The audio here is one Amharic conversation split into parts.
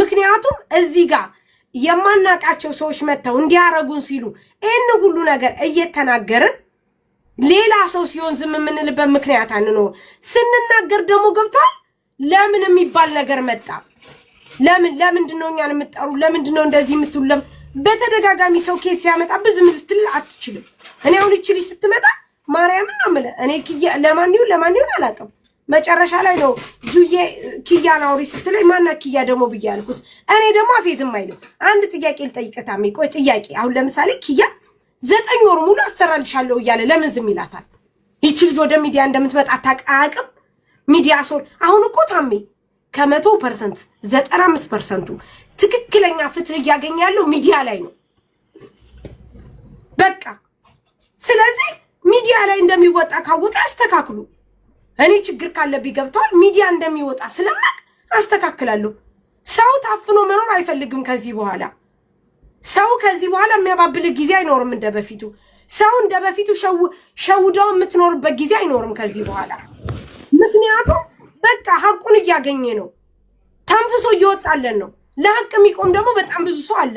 ምክንያቱም እዚህ ጋር የማናቃቸው ሰዎች መጥተው እንዲያረጉን ሲሉ ይህን ሁሉ ነገር እየተናገርን ሌላ ሰው ሲሆን ዝም የምንልበት ምክንያት አንኖር። ስንናገር ደግሞ ገብቷል። ለምን የሚባል ነገር መጣ። ለምን ለምንድን ነው እኛን የምትጠሩ? ለምንድን ነው እንደዚህ የምትሉ? በተደጋጋሚ ሰው ኬስ ሲያመጣ ብዝም ልትል አትችልም። እኔ አሁን ይቺ ልጅ ስትመጣ ማርያምን ነው የምልህ እኔ ለማን ይሁን ለማን ይሁን አላውቅም። መጨረሻ ላይ ነው ኪያ ኪያን አውሪ ስትለኝ ማናት ኪያ ደግሞ ብዬ ያልኩት። እኔ ደግሞ አፌዝም አይልም። አንድ ጥያቄ ልጠይቀታ ቆይ ጥያቄ አሁን ለምሳሌ ኪያ ዘጠኝ ወር ሙሉ አሰራልሻለሁ እያለ ለምን ዝም ይላታል? ይቺ ልጅ ወደ ሚዲያ እንደምትመጣ አታውቅም። ሚዲያ ሶል አሁን እኮ ታሜ ከመቶ ፐርሰንት ዘጠና አምስት ፐርሰንቱ ትክክለኛ ፍትህ እያገኘ ያለው ሚዲያ ላይ ነው። በቃ ስለዚህ ሚዲያ ላይ እንደሚወጣ ካወቀ አስተካክሉ። እኔ ችግር ካለብኝ ገብተዋል ሚዲያ እንደሚወጣ ስለማቅ አስተካክላለሁ። ሰው ታፍኖ መኖር አይፈልግም። ከዚህ በኋላ ሰው ከዚህ በኋላ የሚያባብልህ ጊዜ አይኖርም። እንደ በፊቱ ሰው እንደ በፊቱ ሸውደው የምትኖርበት ጊዜ አይኖርም ከዚህ በኋላ ምክንያቱም በቃ ሀቁን እያገኘ ነው፣ ተንፍሶ እየወጣለን ነው። ለሀቅ የሚቆም ደግሞ በጣም ብዙ ሰው አለ።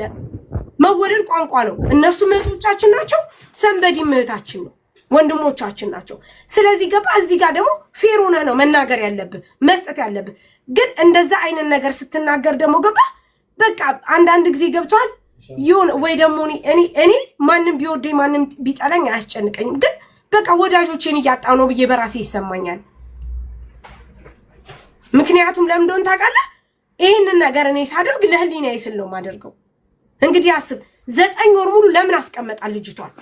መወደድ ቋንቋ ነው። እነሱ ምህቶቻችን ናቸው። ሰንበዲ ምህታችን ነው። ወንድሞቻችን ናቸው። ስለዚህ ገባ እዚህ ጋር ደግሞ ፌር ሆነህ ነው መናገር ያለብህ መስጠት ያለብህ። ግን እንደዛ አይነት ነገር ስትናገር ደግሞ ገባ በቃ አንዳንድ ጊዜ ገብቷል ይሁን ወይ ደግሞ እኔ ማንም ቢወደኝ ማንም ቢጠላኝ አያስጨንቀኝም። ግን በቃ ወዳጆቼን እያጣ ነው ብዬ በራሴ ይሰማኛል። ምክንያቱም ለምን እንደሆነ ታውቃለህ? ይህንን ነገር እኔ ሳደርግ ለህሊና ስል ነው የማደርገው። እንግዲህ አስብ፣ ዘጠኝ ወር ሙሉ ለምን አስቀመጣል ልጅቷል?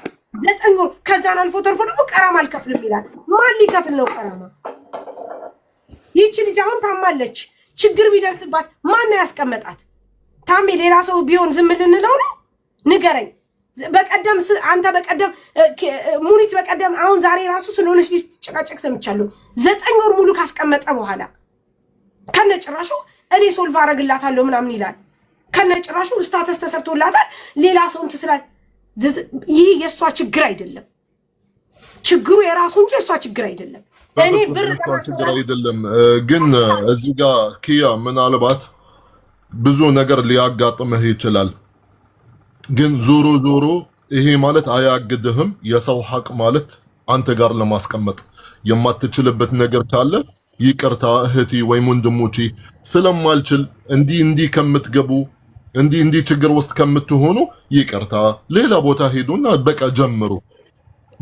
ዘጠኝ ወር ከዛን አልፎ ተርፎ ደግሞ ቀራማ አልከፍልም ይላል። ማን ሊከፍል ነው ቀራማ? ይቺ ልጅ አሁን ታማለች። ችግር ቢደርስባት ማን ነው ያስቀመጣት? ታሜ ሌላ ሰው ቢሆን ዝም ልንለው ነው? ንገረኝ። በቀደም አንተ በቀደም ሙኒት በቀደም አሁን ዛሬ ራሱ ስለሆነች ልጅ ጭቃጭቅ ሰምቻለሁ። ዘጠኝ ወር ሙሉ ካስቀመጠ በኋላ ከነጭራሹ እኔ ሶልቭ አረግላታለሁ ምናምን ይላል። ከነጭራሹ ስታተስ ተሰብቶላታል። ሌላ ሰውን ትስላል ይህ የእሷ ችግር አይደለም። ችግሩ የራሱ እንጂ የእሷ ችግር አይደለም። እኔ ብር ችግር አይደለም። ግን እዚህ ጋር ኪያ ምናልባት ብዙ ነገር ሊያጋጥምህ ይችላል። ግን ዞሮ ዞሮ ይሄ ማለት አያግድህም። የሰው ሀቅ ማለት አንተ ጋር ለማስቀመጥ የማትችልበት ነገር ካለ ይቅርታ እህቴ ወይም ወንድሞቼ ስለማልችል እንዲህ እንዲህ ከምትገቡ እንዲህ እንዲህ ችግር ውስጥ ከምትሆኑ ይቅርታ ሌላ ቦታ ሄዱና በቃ ጀምሩ።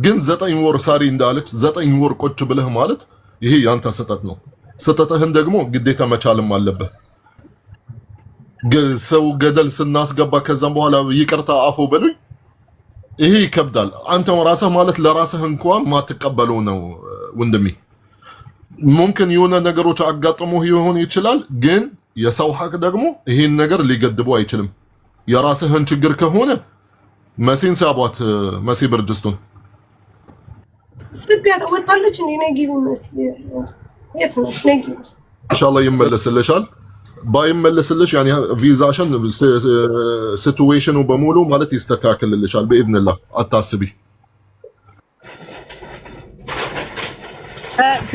ግን ዘጠኝ ወር ሳሪ እንዳለች ዘጠኝ ወር ቁጭ ብለህ ማለት ይሄ ያንተ ስህተት ነው። ስህተትህን ደግሞ ግዴታ መቻልም አለብህ። ሰው ገደል ስናስገባ ከዛም በኋላ ይቅርታ አፎ በሉኝ ይሄ ይከብዳል። አንተ ራስህ ማለት ለራስህ እንኳን ማትቀበለው ነው ወንድሜ። ሙምክን የሆነ ነገሮች አጋጥሞ ይሆን ይችላል ግን የሰው ሀቅ ደግሞ ይህን ነገር ሊገድቡ አይችልም። የራስህን ችግር ከሆነ መሲን ሲያቧት መሲ ብርጅስቱን ስቢያ ተወጣለች። ይመለስልሻል። ባይመለስልሽ ያኔ ቪዛሽን ሲቱዌሽኑ በሙሉ ማለት ይስተካከልልሻል በኢድንላህ አታስቢ።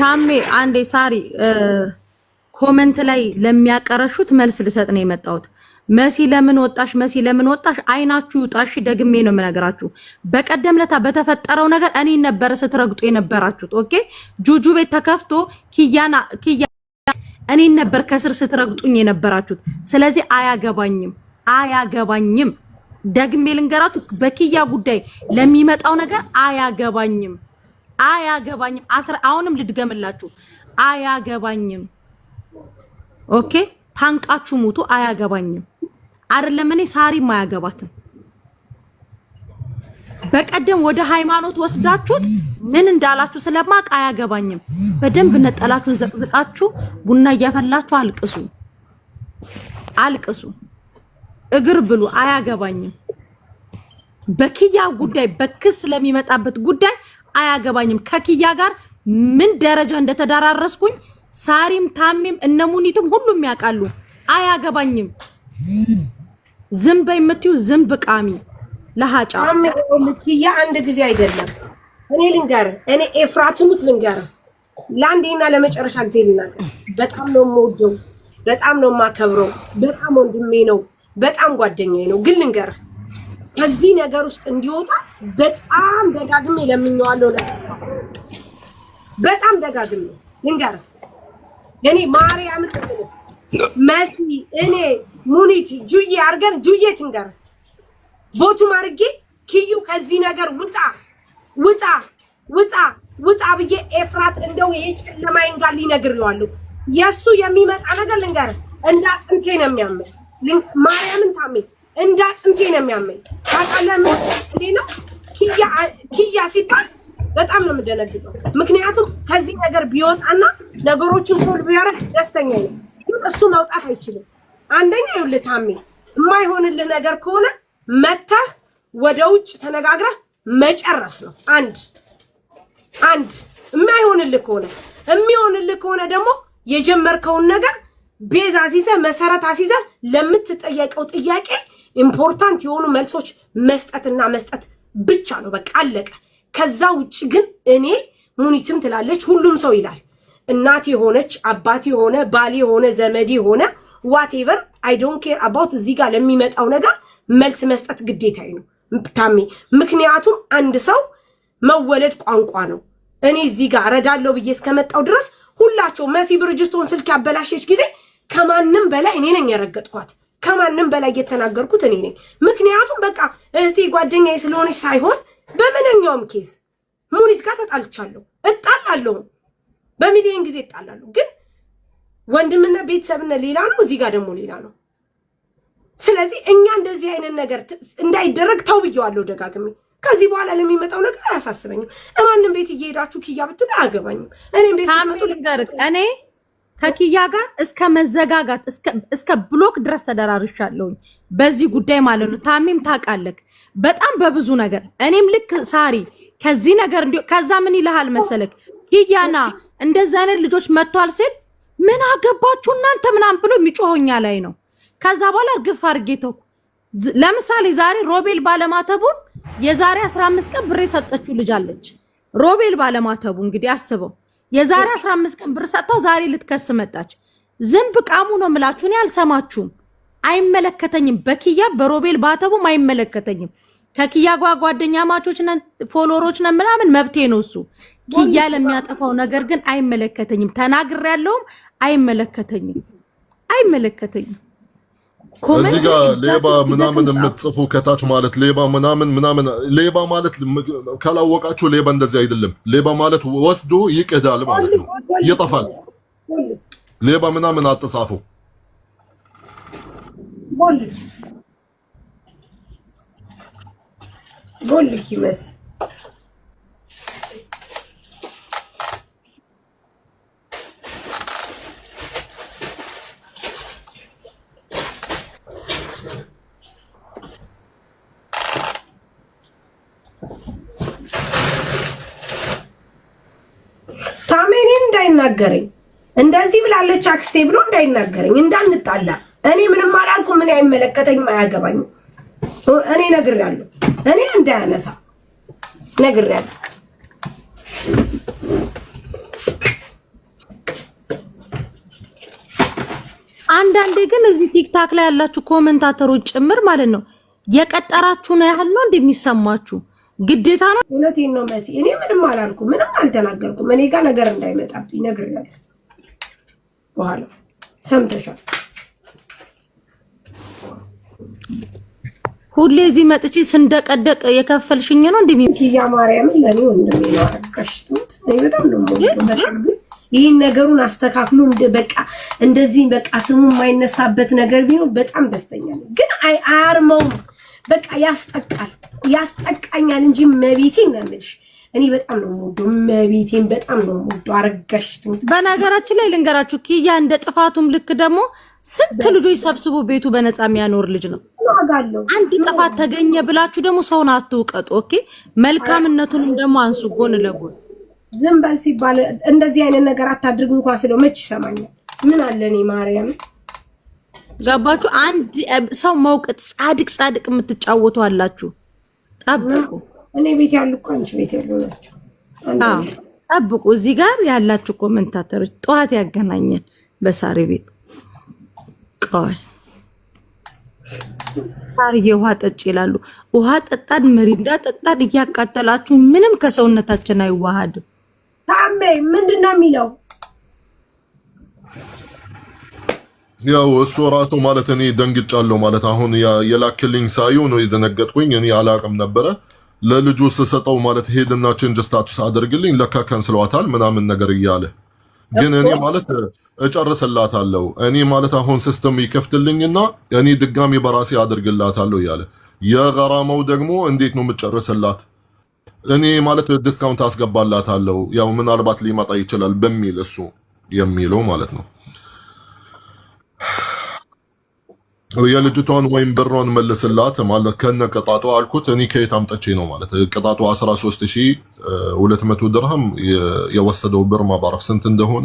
ታሜ አንዴ ሳሪ ኮመንት ላይ ለሚያቀረሹት መልስ ልሰጥ ነው የመጣሁት። መሲ ለምን ወጣሽ? መሲ ለምን ወጣሽ? አይናችሁ ጣሽ ደግሜ ነው የምነግራችሁ። በቀደም ለታ በተፈጠረው ነገር እኔ ነበረ ስትረግጡ የነበራችሁት። ኦኬ ጁጁ ቤት ተከፍቶ ኪያና ኪያ እኔ ነበር ከስር ስትረግጡኝ የነበራችሁት። ስለዚህ አያገባኝም፣ አያገባኝም። ደግሜ ልንገራችሁ፣ በኪያ ጉዳይ ለሚመጣው ነገር አያገባኝም፣ አያገባኝም። አሁንም ልድገምላችሁ፣ አያገባኝም ኦኬ ታንቃችሁ ሙቱ። አያገባኝም አይደለም እኔ ሳሪም አያገባትም። በቀደም ወደ ሃይማኖት ወስዳችሁት ምን እንዳላችሁ ስለማቅ አያገባኝም። በደንብ ነጠላችሁን ዘቅዝቃችሁ ቡና እያፈላችሁ አልቅሱ፣ አልቅሱ፣ እግር ብሉ። አያገባኝም። በኪያ ጉዳይ በክስ ስለሚመጣበት ጉዳይ አያገባኝም። ከኪያ ጋር ምን ደረጃ እንደተደራረስኩኝ ሳሪም ታሜም እነሙኒትም ሁሉም ያውቃሉ። አያገባኝም። ዝም በይ የምትዩ ዝም ብቃሚ ለሃጫ ልክያ አንድ ጊዜ አይደለም። እኔ ልንገር እኔ ኤፍራትሙት ልንገር ለአንዴና ለመጨረሻ ጊዜ ልናገር። በጣም ነው የምወደው፣ በጣም ነው የማከብረው፣ በጣም ወንድሜ ነው፣ በጣም ጓደኛዬ ነው። ግን ልንገር ከዚህ ነገር ውስጥ እንዲወጣ በጣም ደጋግሜ ለምኜዋለሁ። በጣም ደጋግሜ ልንገር እኔ ማርያም መሲ እኔ ሙኒት ጁዬ አርገን ጁዬ ትንገር ቦቱም አርጌ ኪዩ ከዚህ ነገር ውጣ ውጣ ውጣ ውጣ ብዬ ኤፍራት እንደው ይሄ ጨለማ ይንጋል ሊነግሬዋለሁ። የእሱ የሚመጣ ነገር ልንገር፣ እንደ አጥንቴ ነው የሚያመኝ። ማርያምን ታሜ እንደ አጥንቴ ነው የሚያመኝ። ታውቃለህ እንዴት ነው ኪያ ሲባል በጣም ነው የምደነግጠው። ምክንያቱም ከዚህ ነገር ቢወጣና ነገሮችን ሶልቭ ቢያደርግ ደስተኛ ነው። እሱ መውጣት አይችልም። አንደኛ ይኸውልህ ታሜ፣ የማይሆንልህ ነገር ከሆነ መተህ ወደ ውጭ ተነጋግረህ መጨረስ ነው አንድ አንድ የማይሆንልህ ከሆነ የሚሆንልህ ከሆነ ደግሞ የጀመርከውን ነገር ቤዛ አሲዘ መሰረት አሲዘ ለምትጠየቀው ጥያቄ ኢምፖርታንት የሆኑ መልሶች መስጠትና መስጠት ብቻ ነው። በቃ አለቀ። ከዛ ውጭ ግን እኔ ሙኒትም ትላለች ሁሉም ሰው ይላል እናት የሆነች አባት የሆነ ባል የሆነ ዘመድ የሆነ ዋቴቨር አይ ዶንት ኬር አባውት እዚህ ጋር ለሚመጣው ነገር መልስ መስጠት ግዴታዬ ነው ታሜ። ምክንያቱም አንድ ሰው መወለድ ቋንቋ ነው። እኔ እዚህ ጋር ረዳለው ብዬ እስከመጣው ድረስ ሁላቸው መሲ ብርጅስቶን ስልክ ያበላሸች ጊዜ ከማንም በላይ እኔ ነኝ ያረገጥኳት። ከማንም በላይ የተናገርኩት እኔ ነኝ። ምክንያቱም በቃ እህቴ ጓደኛዬ ስለሆነች ሳይሆን በምንኛውም ኬዝ ሙኒት ጋር ተጣልቻለሁ፣ እጣላለሁ፣ በሚሊዮን ጊዜ እጣላለሁ። ግን ወንድምና ቤተሰብና ሌላ ነው፣ እዚህ ጋር ደግሞ ሌላ ነው። ስለዚህ እኛ እንደዚህ አይነት ነገር እንዳይደረግ ተው ብየዋለሁ ደጋግሜ። ከዚህ በኋላ ለሚመጣው ነገር አያሳስበኝም። እማንም ቤት እየሄዳችሁ ክያ ብትሉ አያገባኝም። እኔም ቤት እኔ ከኪያ ጋር እስከ መዘጋጋት እስከ ብሎክ ድረስ ተደራርሻለሁኝ በዚህ ጉዳይ ማለት ነው። ታሚም ታውቃለህ፣ በጣም በብዙ ነገር እኔም ልክ ሳሪ ከዚህ ነገር እንዲ ከዛ ምን ይልሃል መሰለክ ኪያና እንደዚህ አይነት ልጆች መጥቷል ሲል ምን አገባችሁ እናንተ ምናምን ብሎ የሚጮሆኛ ላይ ነው። ከዛ በኋላ እርግፍ አድርጌ ለምሳሌ ዛሬ ሮቤል ባለማተቡን የዛሬ 15 ቀን ብሬ ሰጠችው ልጅ አለች። ሮቤል ባለማተቡ እንግዲህ አስበው የዛሬ 15 ቀን ብር ሰጥተው ዛሬ ልትከስ መጣች። ዝንብ ቃሙ ነው የምላችሁ። እኔ አልሰማችሁም፣ አይመለከተኝም። በኪያ በሮቤል ባተቡም አይመለከተኝም። ከኪያ ጓ ጓደኛ ማቾች ነን፣ ፎሎወሮች ነን ምናምን መብቴ ነው እሱ። ኪያ ለሚያጠፋው ነገር ግን አይመለከተኝም። ተናግሬያለሁም፣ አይመለከተኝም፣ አይመለከተኝም። እዚህ ጋር ሌባ ምናምን የምትጽፉ ከታች ማለት ሌባ ምናምን ምናምን ሌባ ማለት ካላወቃችሁ፣ ሌባ እንደዚህ አይደለም። ሌባ ማለት ወስዶ ይቅዳል ማለት ነው፣ ይጠፋል። ሌባ ምናምን አትጻፉ። ቦልክ ይመስል ታሜኔን እንዳይናገረኝ እንደዚህ ብላለች አክስቴ ብሎ እንዳይናገረኝ እንዳንጣላ። እኔ ምንም አላልኩ። ምን አይመለከተኝም፣ አያገባኝም። እኔ ነግሬያለሁ። እኔ እንዳያነሳ ነግሬያለሁ። አንዳንዴ ግን እዚህ ቲክታክ ላይ ያላችሁ ኮመንታተሮች ጭምር ማለት ነው የቀጠራችሁ ያህል ነው እንደሚሰማችሁ ግዴታ ነው። እውነቴን ነው መሲ፣ እኔ ምንም አላልኩ፣ ምንም አልተናገርኩም። እኔ ጋር ነገር እንዳይመጣብኝ ነግሬያለሁ። በኋላ ሰምተሻል። ሁሌ እዚህ መጥቼ ስንደቀደቅ የከፈልሽኝ ነው እንዴ? ሚኪያ ማርያም ለኔ ወንድሜ ነው። አረቀሽቱት እኔ በጣም ነው የምወደው። ይህን ነገሩን አስተካክሎ በቃ እንደዚህ በቃ ስሙ የማይነሳበት ነገር ቢኖር በጣም ደስተኛ ነኝ፣ ግን አይ አያርመውም በቃ ያስጠቃል፣ ያስጠቃኛል እንጂ መቤቴን እኔ በጣም ነው መቤቴን በጣም ነው አረጋሽ ትሙት። በነገራችን ላይ ልንገራችሁ፣ ኪያ እንደ ጥፋቱም ልክ ደግሞ ስንት ልጆች ሰብስቦ ቤቱ በነፃ የሚያኖር ልጅ ነው። አንድ ጥፋት ተገኘ ብላችሁ ደግሞ ሰውን አትውቀጡ። ኦኬ፣ መልካምነቱንም ደግሞ አንሱ ጎን ለጎን ዝም በል ሲባል እንደዚህ አይነት ነገር አታድርግ ስለው መች ይሰማኛል? ምን አለ እኔ ማርያም ገባችሁ? አንድ ሰው መውቀት ጻድቅ ጻድቅ የምትጫወቱ አላችሁ። ጠብቁ። እኔ ቤት ያሉ እኮ አንቺ ቤት ያሉ ናቸው። ጠብቁ። እዚህ ጋር ያላችሁ ኮመንታተሮች ጠዋት ያገናኘን በሳሪ ቤት ቆይ ሳርዬ ውሃ ጠጭ ይላሉ። ውሃ ጠጣን፣ ምሪንዳ ጠጣን። እያቃጠላችሁ ምንም ከሰውነታችን አይዋሃድም። ታሜ ምንድን ነው የሚለው? ያው እሱ ራሱ ማለት እኔ ደንግጫለሁ ማለት አሁን የላክልኝ ሳየው ነው የደነገጥኩኝ። እኔ አላቅም ነበረ ለልጁ ስሰጠው ማለት ሄድና ቼንጅ ስታቱስ አድርግልኝ ለካ ከንስለዋታል ምናምን ነገር እያለ ግን እኔ ማለት እጨርስላታለሁ እኔ ማለት አሁን ሲስተም ይከፍትልኝና እኔ ድጋሚ በራሴ አድርግላታለሁ እያለ የገራመው ደግሞ እንዴት ነው የምጨርስላት? እኔ ማለት ዲስካውንት አስገባላታለሁ ያው ምናልባት ሊመጣ ይችላል በሚል እሱ የሚለው ማለት ነው የልጅቷን ወይም ብሯን መልስላት ማለት ከነ ቅጣቱ አልኩት። እኔ ከየት አምጠቼ ነው ማለት ቅጣቱ 13200 ድርሃም የወሰደው ብር ማባረፍ ስንት እንደሆነ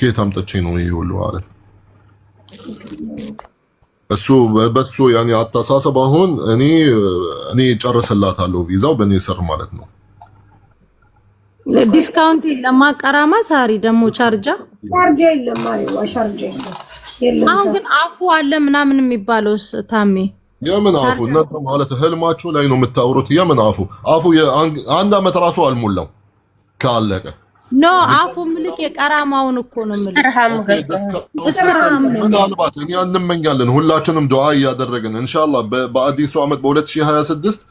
ከየት አምጠቼ ነው ይሄ ሁሉ ማለት እሱ በሱ ያኔ አታሳሰብ። አሁን እኔ እኔ ጨርስላታለሁ ቪዛው በእኔ ስር ማለት ነው። ዲስካውንት ለማቀራማ ሳሪ ደግሞ ቻርጃ ቻርጃ የለም አሁን ግን አፉ አለ ምናምን የሚባለው ታሜ የምን አፉ እናንተ ማለት ህልማችሁ ላይ ነው የምታወሩት። የምን አፉ አፉ አንድ አመት ራሱ አልሞላው ካለቀ ኖ አፉ ምልክ የቀራማውን እኮ ነው ምናልባት እኛ እንመኛለን ሁላችንም ዱዓ እያደረግን ኢንሻአላህ በአዲሱ አመት በ2026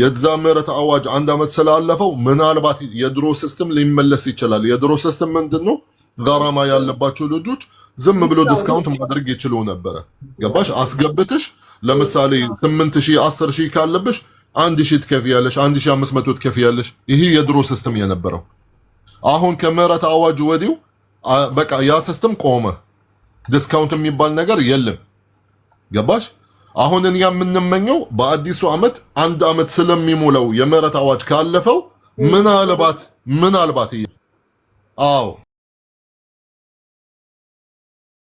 የዛ ምህረት አዋጅ አንድ አመት ስላለፈው ምናልባት የድሮ ሲስተም ሊመለስ ይችላል። የድሮ ሲስተም ምንድን ነው? ጋራማ ያለባቸው ልጆች ዝም ብሎ ዲስካውንት ማድረግ ይችሉ ነበረ። ገባሽ? አስገብተሽ ለምሳሌ 8000 10000 ካለብሽ 1000 ትከፍያለሽ፣ 1500 ትከፍያለሽ። ይሄ የድሮ ሲስተም የነበረው አሁን ከምሕረት አዋጅ ወዲው በቃ ያ ሲስተም ቆመ። ዲስካውንት የሚባል ነገር የለም። ገባሽ? አሁን እኛ የምንመኘው በአዲሱ ዓመት አንድ ዓመት ስለሚሞላው የምህረት አዋጅ ካለፈው ምናልባት ምናልባት አዎ